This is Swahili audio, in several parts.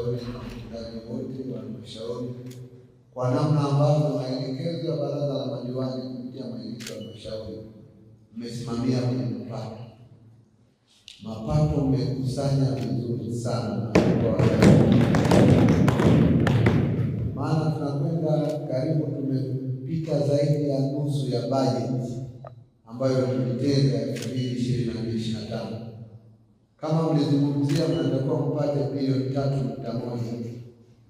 washauri na wachungaji wote wa halmashauri kwa namna ambavyo maelekezo ya baraza la madiwani kupitia mwenyekiti wa halmashauri mmesimamia kwenye mapato. Mapato mmekusanya vizuri sana, maana tunakwenda karibu, tumepita zaidi ya nusu ya bajeti ambayo tulitenga elfu mbili ishirini na mbili ishirini na tano kama mlizungumzia mnatakiwa kupata bilioni tatu nukta moja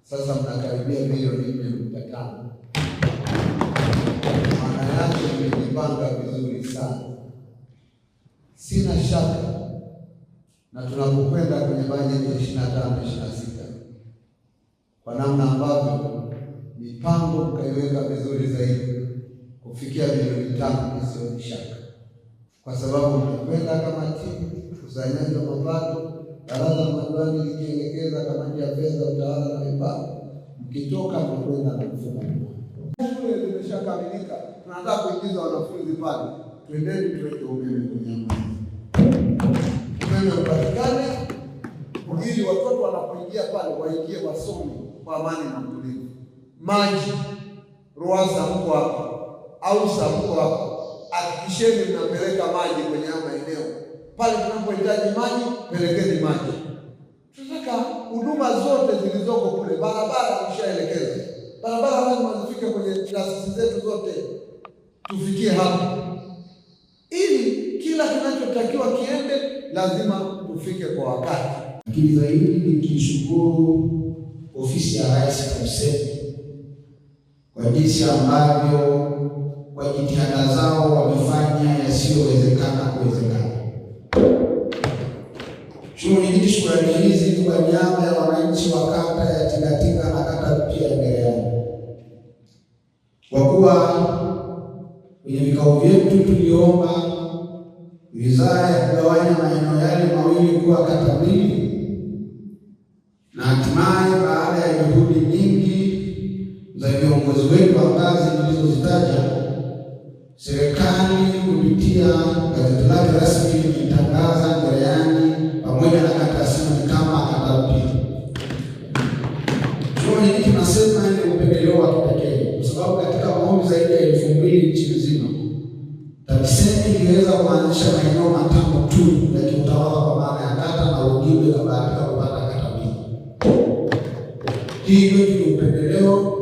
sasa mnakaribia bilioni nne nukta tano Maana yake mmejipanga vizuri sana, sina shaka na tunapokwenda kwenye bajeti ya ishirini na tano ishirini na sita kwa namna ambavyo mipango mkaiweka vizuri zaidi kufikia bilioni tano, isiyo ni shaka kwa sababu mnakwenda kama timu kusanyaji wa mapato. Baraza la madiwani likielekeza kama njia ya fedha utawala na mipango, mkitoka mnakwenda na mfumo shule zimeshakamilika, tunataka kuingiza wanafunzi pale, twendeni tuweke umeme kwenye maji, umeme upatikane ili watoto wanapoingia pale waingie wasome kwa amani na utulivu. Maji ruasa mko hapa, au SAMUKO hapa hakikisheni mnapeleka maji kwenye haya maeneo. Pale tunapohitaji maji, pelekeni maji. Tunataka huduma zote zilizoko kule, barabara tushaelekeza, barabara lazima zifike kwenye taasisi zetu zote, tufikie hapo, ili kila kinachotakiwa kiende, lazima tufike kwa wakati. Lakini zaidi nikishukuru ofisi ya Rais TAMISEMI kwa jinsi ambavyo kwa jitihada zao wamefanya yasiyowezekana kuwezekana. Shughuli hii shukrani hizi kwa niaba ya wananchi wa kata ya Tingatinga na kata pia ya kwa kuwa kwenye vikao vyetu tuliomba wizara ya kugawanya maeneo yale mawili kuwa kata mbili na hatimaye baada ya juhudi nyingi za viongozi wetu wa ngazi nilizozitaja mimi nikabahatika kupata kata mbili. Hii kwetu ni upendeleo,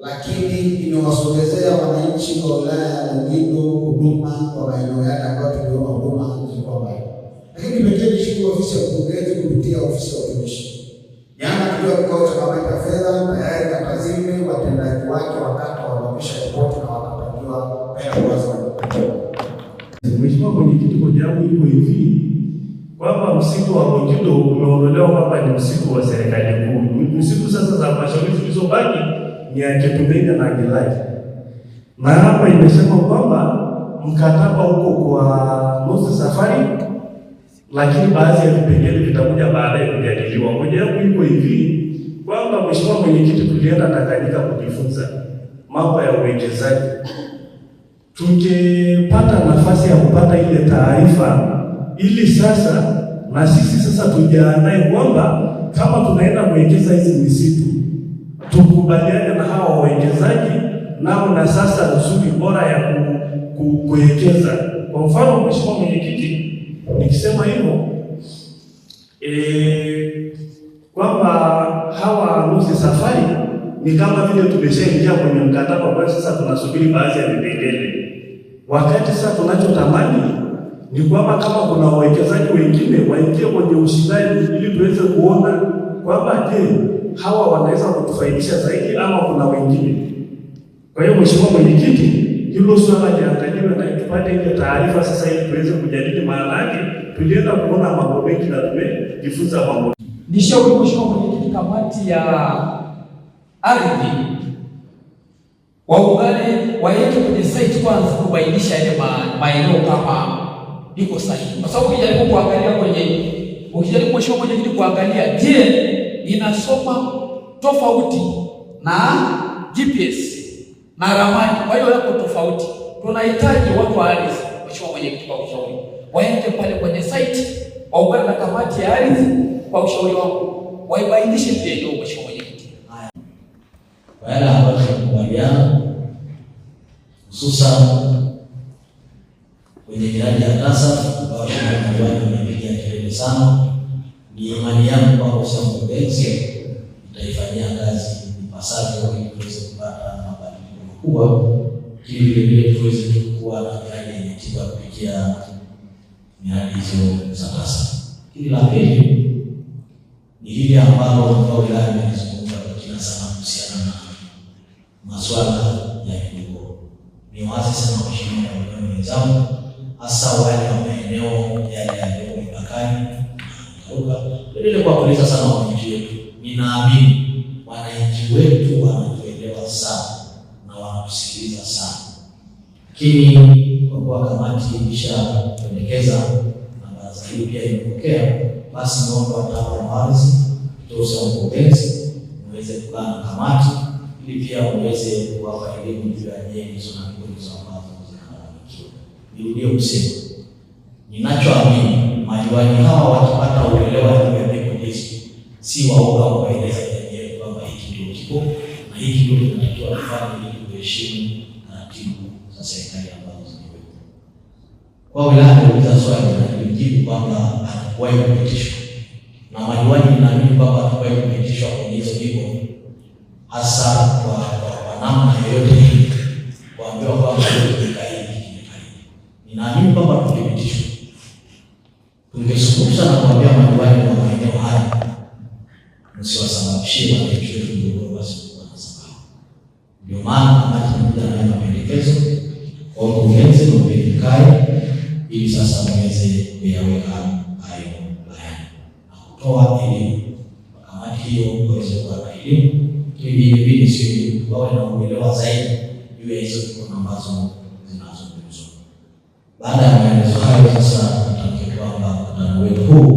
lakini imewasogezea wananchi wa wilaya ya Longido huduma kwa maeneo yake ambayo tuliona huduma zilikuwa mbali. Lakini pekee nishukuru ofisi ya mkurugenzi kupitia ofisi ya utumishi, jana tuliwa kikao cha kamati ya fedha, tayari kata zile watendaji wake wakata wanaopisha ripoti na wanatakiwa pesa. Mheshimiwa Mwenyekiti, hoja yangu iko hivi kwamba msitu wa Longido umeondolewa kwamba ni msitu wa serikali kuu. Msitu sasa za halmashauri zilizobaki ni Aketumeja na Gilaji, na hapa imesema kwamba mkataba huko kwa nusu safari, lakini baadhi ya vipengele vitakuja baadaye kujadiliwa. Moja yapo iko hivi kwamba Mheshimiwa Mwenyekiti, tulienda Tanganyika kujifunza mambo ya uwekezaji, tukipata nafasi ya kupata ile taarifa ili sasa na sisi sasa tujiandae kwamba kama tunaenda kuwekeza hizi misitu tukubaliane na hawa wawekezaji nao, na sasa nzuri bora ya kuwekeza. Kwa mfano, Mheshimiwa Mwenyekiti, nikisema hivyo e, kwamba hawa nuzi safari ni kama vile tumeshaingia kwenye mkataba, kwa sasa tunasubiri baadhi ya vipengele, wakati sasa tunachotamani ni kwamba kama kuna wawekezaji wengine waingie kwenye ushindani ili tuweze kuona kwamba je, hawa wanaweza kutufaidisha zaidi ama kuna wengine. Kwa hiyo Mheshimiwa Mwenyekiti, hilo swala liangaliwe na tupate ile taarifa sasa ili tuweze kujadili maana yake. Tulienda kuona mambo mengi na tumejifunza mambo. Nishauri Mheshimiwa Mwenyekiti, kamati ya ardhi waungane waweke kwenye site kwanza kubainisha yale maeneo kama iko sahihi, kwa sababu ukijaribu kuangalia kwenye, ukijaribu kwenye kitu kuangalia, je, inasoma tofauti na GPS na ramani, kwa hiyo yako tofauti. Tunahitaji watu wa ardhi, mheshimiwa kitu kwa ushauri waende pale kwenye site, waungane na kamati ya ardhi, kwa ushauri wako waibainishe pia hiyo, mheshimiwa mwenyekiti, haya wala hawakubaliana hususan kwenye miradi ya TASAF ambayo madiwani wamepigia kelele sana. Ni imani yangu kwamba ushamgobezi itaifanyia kazi ipasavyo ili tuweze kupata mabadiliko makubwa, ili vilevile tuweze kuwa na miradi yenye tiba kupitia miradi hizo za TASAF. Hili la pili ni hili ambalo kwa wilaya imezungumza kwa kina sana kuhusiana na masuala ya kidogo. Ni wazi sana, Mheshimiwa na wenzangu hasa wale wa maeneo yale yaliyoko mipakani nauka. Tuendelee kuwakuliza sana wananchi wetu, ninaamini wananchi wetu wanatuelewa sana na wanatusikiliza sana, lakini kwa kuwa kamati ilishapendekeza na baraza hili pia imepokea, basi naomba wadau wa ardhi, mkurugenzi, niweze kukaa na kamati ili pia uweze kuwapa elimu juu ya nyenzo na nguzo ambazo niliyokusema. Ninachoamini madiwani hawa wakipata uelewa juu ya mbegu hizi, si waoga wakaeleza wenyewe kwamba hiki ndio kipo na hiki ndio tunatakiwa kufanya ili kuheshimu taratibu uh, za serikali ambazo zimewekwa. Kwa wilaya aliuliza swali na kujibu kwamba hatakuwahi kupitishwa na madiwani, ninaamini kwamba hatakuwahi kupitishwa kwenye hizo jimbo hasa kwa namna yoyote hii Ninaamini kwamba tuthibitishwe. Tungezungumza na kuambia madiwani wa maeneo haya msiwasababishie wananchi wetu mgogoro wasiokuwa na sababu. Ndio maana kamati imekuja nayo mapendekezo kwa mkurugenzi na uwelekaji, ili sasa muweze kuyaweka hayo bayana na kutoa elimu kamati hiyo waweze kuwa na elimu ili vilevile sio wawe na uelewa zaidi juu ya hizo ambazo baada ya maelezo hayo sasa, tutamke kwamba mkutano wetu huu